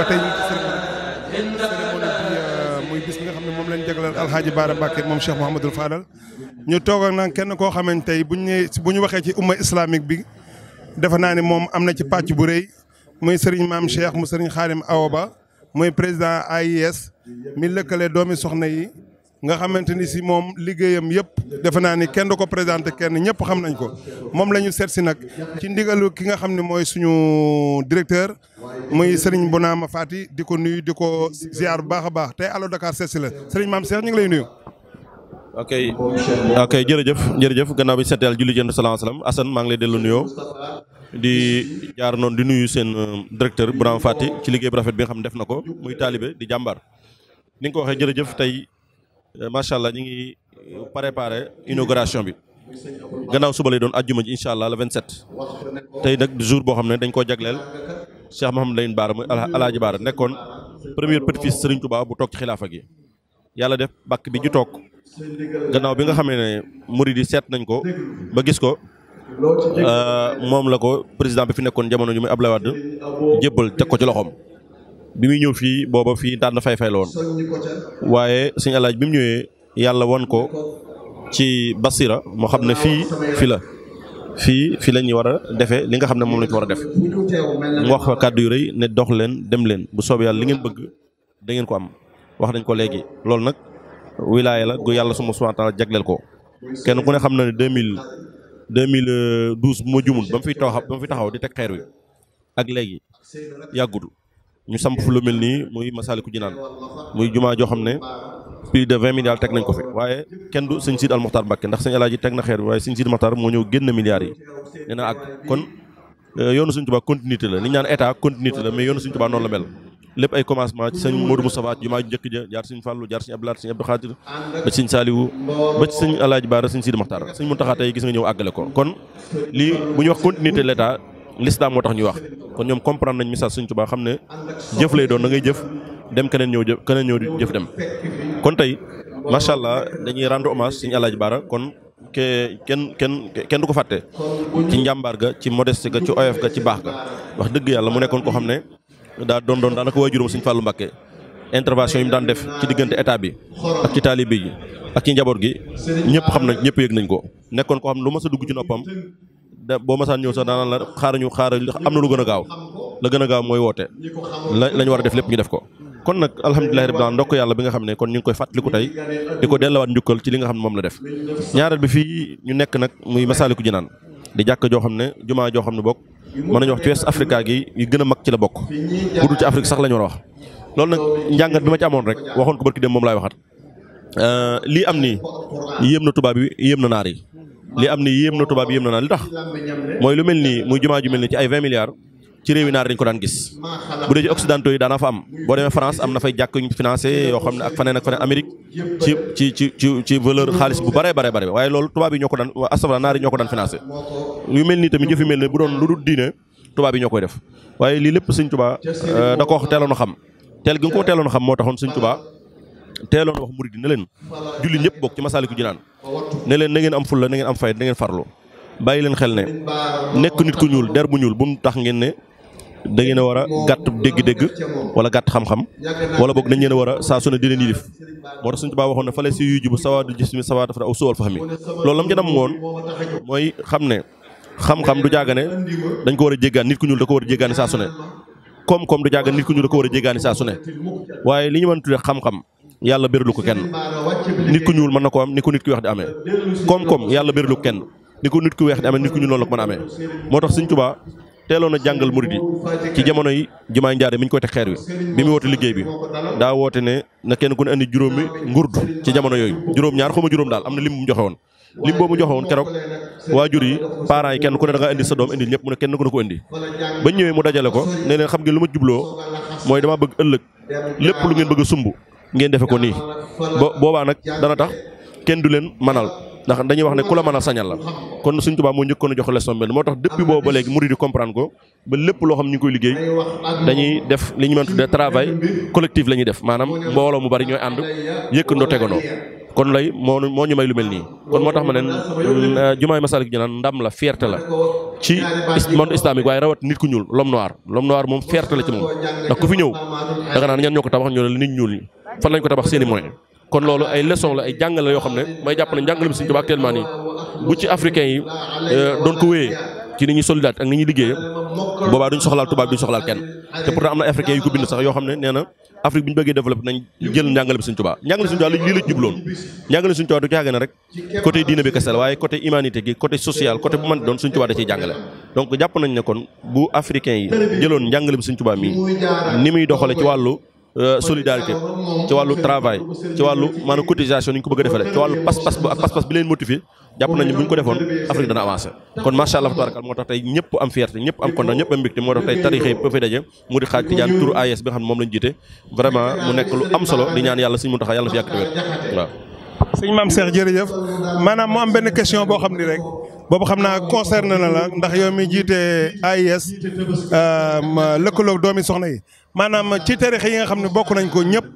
ba tey ñu euh, nga xam ne moom lañ jagleel alxaaji Baara Mbàkke moom Cheikh Mouhamadul Fadal ñu toog ak nag kenn koo xamante tey bu ñu bu ñu waxee ci umma islamique bi defe naa ne moom am na ci pàcc bu rëy muy sëriñ maam Cheikh mu sëriñ Xaadim Awa Ba muy président AIS mi lëkkale doomi soxna yi nga xamante ni mom moom liggéeyam yëpp ni kenn du ko présenté kenn ñëpp xam nañ ko moom la ñu seet si nag ci ndigalu ki nga xam ne suñu directeur muy Serigne Bounama Fati di ko nuyu di ziar bu baax a Allo Dakar seet si la Serigne Mame Cheikh ñu lay nuyu. ok ok jërëjëf jërëjëf gannaaw bi seet yàlla julli jënd sallallahu alayhi wasallam Assane ngi lay di jaar non di nuyu seen euh, directeur Bounama Fati ci liggéey bu rafet bi nga xam def ko muy taalibe di jambar ni nga ko waxee jërëjëf Eh, macha allah ñu ngi eh, préparé inauguration bi gannaaw suba lay doon ajjuma ji incha allah la vingt 27. tey nag jour boo xam ne dañ koo jagleel Cheikh Mouhamadou Lamine Bara muy alaaji baara nekkoon premier petit-fils Serigne Touba bu toog ci xilaafa gi. yàlla def bàkk bi ju toog gannaaw bi nga xamee ne murid yi seet nañ ko ba gis ko eh, moom la ko président bi fi nekkoon jamono ju muy Abdoulaye Wade jébbal teg ko ci loxoom. bi muy ñëw fii booba fii daan na fay-fay la woon waaye sëñ alaaj bi mu ñëwee yàlla won ko ci basira moo xam ne fii fi la fii fi la ñuy war a defee li nga xam ne moom la ñu war a def mu wax kàddu yu rëy ne dox leen dem leen bu soobee yàlla li ngeen bëgg da ngeen ko am wax nañ ko léegi loolu nag wilaaya la gu yàlla suma subhaana taala jagleel ko kenn ku ne xam na ne deux mille deux mille douze bu ma jumul ba mu fi taxaw ba mu fiy taxaw di teg xeer wi ak léegi yàggutu ñu samp fu lu mel nii muy Masaalikul Jinaan muy jumaa joo xam ne plus de vingt milliards teg nañ ko fi waaye kenn du sëñ Siid al Muxtaar Mbàkke ndax sëñ Alaaji teg na xeer bi waaye sëñ Siid Muxtaar moo ñëw génn milliards euh, la li ñu naan état continuité la mais yoonu sëñ Tuubaa noonu la mel lépp jumaa ju njëkk ja jaar sëñ Fàllu jaar sëñ Abdoulaye sëñ Abdou Khadir ba ci sëñ Saliou ba ci sëñ Alaaji Baara sëñ Siid Muxtaar sëñ Muntaxa tey gis nga ñëw àggale ko kon lii bu ñu wax continuité l'état l'islam moo tax ñuy wax kon ñoom comprendre nañ message ne jëf lay doon da ngay jëf dem keneen ñëw jëf keneen ñëw jëf dem kon tey macha allah dañuy rendre hommage suñu alaaji kon ke ken ken ken du ko fàtte ci njàmbaar ga ci modeste ga ci oyof ga ci baax ga wax mu ko ne daa don doon daanaka waajuram suñ fàllu mbàkke intervention yi mu daan def ci etabi, état bi ak ci taalibe yi ak ci njaboot gi ñëpp xam nañ ñëpp nañ ko ko sa dugg ci da boo masaan ñëw sax daanaan la xaaruñu xaar am na lu gën a gaaw la gën a gaaw mooy woote la lañ war a def lépp ñu def ko kon nag alhamdulilahi rabbil alamin ndokk yàlla bi nga xam ne kon ñu ngi koy fàttaliku tey di ko delluwaat njukkal ci li nga xam ne moom la def ñaareel bi fii ñu nekk nag muy Masaalikul Jinaan di jàkk joo xam ne jumaa joo xam ne bokk mën nañu wax ci West Africa gi yu gën a mag ci la bokk bu dul ci Afrique sax la ñu war a wax loolu nag njàngat bi ma ci amoon ko barki dem moom laay waxat euh, lii am nii yéem na tubaab yi yéem yi li am ni yéem na tubaab yéem na naan li tax mooy lu mel nii muy jumaa ju mel nii ci ay 20 milliards ci réewi naar dañ ko daan gis bu dee ci occidentaux daana fa am boo demee France am na fay jàkk ñu financé yoo xam ne ak fa ak faneen Amérique ci ci ci ci ci valeur xaalis bu bare bare bare waaye loolu tubaab yi ñoo ko daan astafra naar yi ñoo ko daan financé yu mel nii tamit jëf yu mel ne bu doon lu dul diine tubaab yi ñoo koy def waaye lii lépp sëñ Tuubaa euh, da ko wax teeloon a xam teel gi nga ko moo taxoon sëñ Tuubaa teeloon wax murid yi ne leen julli ñëpp bokk ci Masaalikul Jinaan ne leen na ngeen am fulla na ngeen am fayda na ngeen farlu bàyyi leen xel ne nekk nit ku ñuul der bu ñuul bu mu tax ngeen ne da ngeen a war a gàtt dégg-dégg wala gàtt xam wala boog dañ leen war a saa su ne di leen yilif moo tax suñu waxoon ne fale si yuy jibu sawaadul jismi sawaad aw suwal fa xam yi loolu lam ca dam woon mooy xam ne xam-xam du jàggane dañ ko war a jéggaan nit ku ñuul da ko war a jéggaani saa su ne koom-koom du jàggane nit ku ko war a jéggaani saa su ne waaye li ñu mën tudde xam-xam yàlla bérlu ko kenn nit ku ñuul mën na ko am ni ko nit ku weex di amee koom-koom yàlla bérlu ko kenn ni ko nit ku weex di amee nit ku ñuul la ko mën a amee moo tax Sëñ Tuubaa teeloon na jàngal murid yi ci jamono yi jumaay njaare mi ñu koy teg xeer wi bi mu woote liggéey bi daa woote ne na kenn ku ne andi juróomi ngurdu ci jamono yooyu juróom ñaar xaw juróom daal am na lim mu joxe woon lim boobu joxe woon keroog waajur yi parents yi kenn ku ne da nga sa doom indi ñëpp mu kenn ku ne ko indi ba mu dajale ko ne leen xam ngeen lu ma jubloo mooy dama bëgg ëllëg lépp lu ngeen bëgg a ngeen defe ko nii bo boobaa nag dana tax kenn du leen manal ndax dañuy wax ne ku la mën a sañal la kon suñ tubaab moo njëkkoon a jox leçon benn moo tax depuis boobu ba léegi murid di comprendre ko ba lépp loo xam ñu ngi koy liggéey dañuy def li ñu mën tuddee travail collectif la ñuy def maanaam mbooloo mu bari ñooy ànd yëkkandoo tegandoo kon lay moo moo ñu may lu mel nii kon moo tax ma ne mm, jumaay Masaalikul Jinaan ndam la fierté la ci monde islamique waaye rawat nit ku ñuul l'homme noir l'homme moom fierté la ci moom ndax ku fi ñëw danga naan ñan ñoo ko tabax fan lañ ko tabax seen i moyens kon loolu ay leçon la ay jàngal la yoo xam ne may jàpp ne njàngale bi Sëriñ Tuubaa actuellement nii bu ci africain yi euh, doon ko wéyee ci ni ñuy solidaire ak ni ñuy liggéeyee boobaa duñ soxlaal tubaab duñ soxlaal kenn te pourtant am na africain yu ko bind sax yoo xam ne nee na Afrique bi ñu bëggee développé nañ jël njàngale bi Sëriñ Tuubaa njàngale Sëriñ Tuubaa lii la jubloon njàngale Sëriñ Tuubaa du caagee rek côté diine bi kese la waaye côté humanité gi côté social côté bu mën doon Sëriñ Tuubaa da ciy jàngale donc yi Euh, solidarité ci walu travail ci walu manam cotisation ñu ko bëgg défalé ci walu pass pass ak pass pass bi leen motiver japp nañu buñ ko défon afrique dana avancer kon ma sha Allah tabarakal motax tay ñepp am fierté ñepp am kontan ñepp am mbikté motax tay tarixé peu fi dajé mu di xaj tidiane tour AS bi xam mom lañ jité vraiment mu nek lu am solo di ñaan yalla señ mutax yalla fi yak tewet señ mam cheikh manam mo am ben question bo xamni rek bobu xamna concerné na la ndax yow mi jité AIS euh lekkolo doomi soxna yi maanaam ci tarixa yi nga xam ne bokk nañ ko ñëpp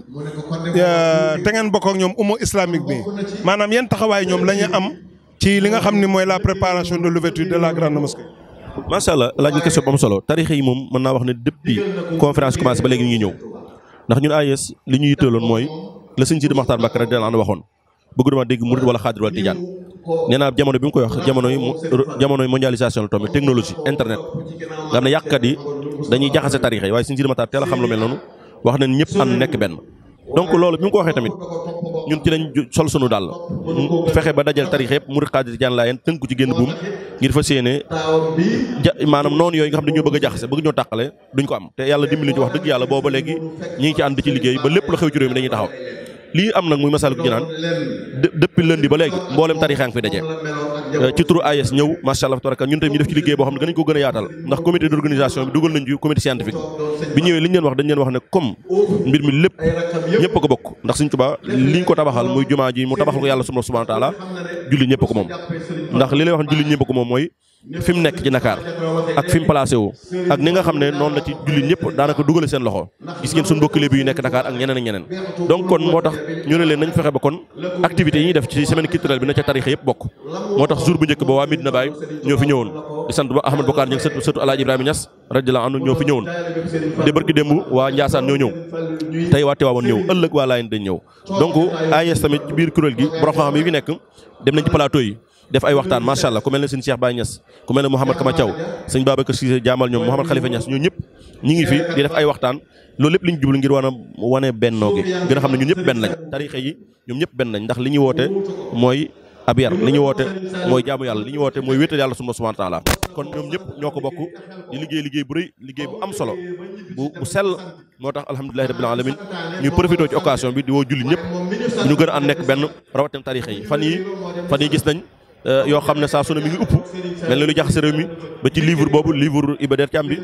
te ngeen bokk ak ñoom umu islamique bi maanaam yan taxawaay ñoom la ñu am ci li nga xam ni mooy la préparation de l'ouverture de la grande mosquée. macha allah laaj nga question bu am solo tarixa yi moom mën naa wax ne depuis conférence commencé ba léegi ñu ñëw ndax ñun AIS li ñu yitteeloon mooy la sëñ Sidi Maxtaar Mbàkke rek dina an waxoon bëgg dama dégg murid wala xaadir wala tijaan nee naa jamono bi mu koy wax jamonoy jamonoy mondialisation la tombé technologie internet nga xam ne yàqkat yi dañuy jaxase tarixa yi waaye Sëriñ Sidi Maxtaar xam lu mel noonu wax nañ ñëpp ànd nekk benn donc loolu bi mu ko waxee tamit ñun ci lañ sol sunu daal fexe ba dajal tarixa yëpp murid xaadir jaan laayeen tënku ci génn buum ngir fas yéene ja maanaam noonu yooyu nga xam ne ñoo bëgg a jaxase bëgg ñoo tàqale duñ ko am te yàlla dimbali ci wax dëgg yàlla booba léegi ñi ngi ci ànd ci liggéey ba lépp lu xew ci réew mi dañuy taxaw lii am nag muy masalik jinaan depuis lundi ba léegi mboolem tarixa ngi fi daje euh, ci turu AES ñëw macha allah tabaraka ñun tamit ñu def ci liggéey boo xam ne danañ ko gën a yaatal ndax comité d'organisation bi dugal nañ ci comité scientifique bi ñëwee li ñu wax dañ leen wax ne comme mbir mi lépp ñëpp a ko bokk ndax Sëriñ Tuubaa li ñu ko tabaxal muy jumaa ji mu tabaxal ko yàlla subhaanahu wa taala julli ñëpp a ko moom ndax li lay wax julli ñëpp a moom mooy fi mu nekk ci Dakar ak fi mu placé ak ni nga xam ne noonu la ci jullit ñëpp daanaka dugale seen loxo gis ngeen suñu mbokk bi yu nekk Dakar ak ñeneen ak ñeneen donc kon moo tax ñu ne leen nañ fexe ba kon activités yi ñu def ci semaine culturelle bi na ca tarixa yëpp bokk moo tax jour bu njëkk ba waa Medina Baye ñoo fi ñëwoon di sant ba Ahmed Bokar ñu ngi sëtu sëtu Alaaji Ibrahima Niass radiyallahu anhu ñoo fi ñëwoon di barki démb waa Ndiassane ñoo ñëw tey waa Tiwaawoon ñëw ëllëg waa Laayeen dañ biir kuréel gi borom fi nekk dem nañ ci yi def ay waxtaan macha allah ku mel ne sëñ Cheikh Baye Niass ku mel ne Mouhamad Kama Thiaw sëñ Babacar Cissé jaamal ñoom Mouhamad Khalifa Niass ñoo ñëpp ñi ngi fi di def ay waxtaan loolu lépp li ñu a a xam ne ñun ñëpp benn lañ tarixe yi ñoom ñëpp benn lañ ndax li ñu woote mooy ab yar li ñu woote mooy ñu woote mooy wéetal yàlla suma subhanahu taala kon ñoo ko bokk di liggéey liggéey bu rëy liggéey bu am solo bu bu sell moo tax alhamdulilahi rabbil alamin ñu bi di woo julli ñëpp ñu gën a ànd nekk benn rawatam tarixe yi fan yi fan yi gis nañ Euh, yoo xam ne saa su ne mi ngi upp mel na lu jaxase réew mi ba ci livre boobu livre Iba Der bi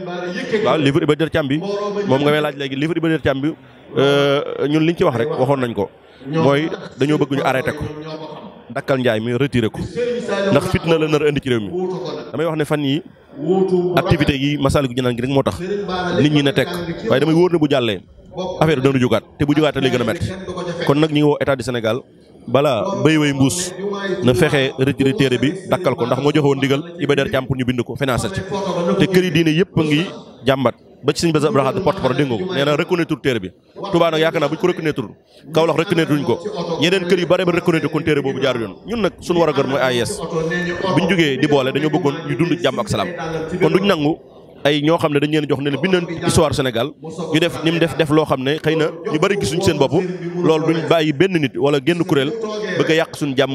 waaw livre Iba Der Thiam bi moom nga may laaj léegi livre Iba Der Thiam bi euh, ñun liñ ci wax rek waxoon nañ ko mooy dañoo bëgg ñu arrêté ko dakkal njaay mi retiré ko ndax fitna la nar a indi ci réew mi damay wax ne fan yi activité yi Masaalikul Jinaan gi rek moo tax nit ñi ne tekk waaye damay wóor ne bu jàllee affaire bi dana jógaat te bu jógaatee lay gën a métti kon nag ñu ngi woo état Sénégal bala bay way mbuus na fexe retiré téere bi dakal ko ndax moo joxoon ndigal ibader ci ñu bind ko financé ci te këri diine yépp ngi jàmbat ba ci seigne bass abdou rahad porte parole dégg ko reconnaître téere bi touba nak bu ko reconnaître reconnaître duñ ko yeneen kër ba reconnaître kon téere boobu jaar yoon ñun nak suñu war gër AIS buñ jógee di boole dañoo bëggoon ñu dund jàmm ak kon duñ nangu ay ñoo xam ne dañ leen jox ne la bind nañ histoire Sénégal ñu def ni def def loo xam ne xëy na ñu bari gisuñ seen bopp loolu duñ bàyyi benn nit wala génn kuréel bëgg a yàq suñu jàmm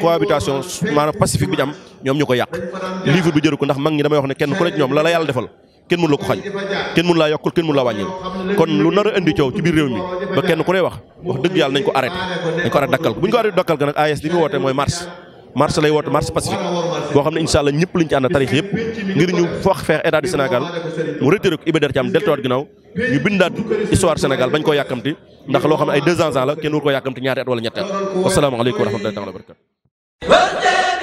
cohabitation maanaam pacifique bi ñu am ñoom ñu ko yàq livre bi jëru ko ndax mag ñi damay wax ne kenn ku nekk ñoom la la yàlla defal kenn mun la ko xañ kenn mun laa yokkul kenn mun laa wàññil kon lu nar a indi coow ci biir réew mi ba kenn ku ne wax wax dëgg yàlla nañ ko arrêté nañ ko arrêté dakkal ko bu ñu ko arrêté dakkal ko nag marche lay woote marche pacifique boo xam ne incha allah ñëpp lañ ci ànd tarix yëpp ngir ñu wax feex état du Sénégal mu retiré ko Iba Der Thiam deltuwaat ginnaaw ñu bindaat histoire Sénégal bañ koo yàkkamti ndax loo xam ne ay deux ans la kenn war koo yàkkamti ñaari at wala ñetti at wasalaamaaleykum wa rahmatullahi wa barakatu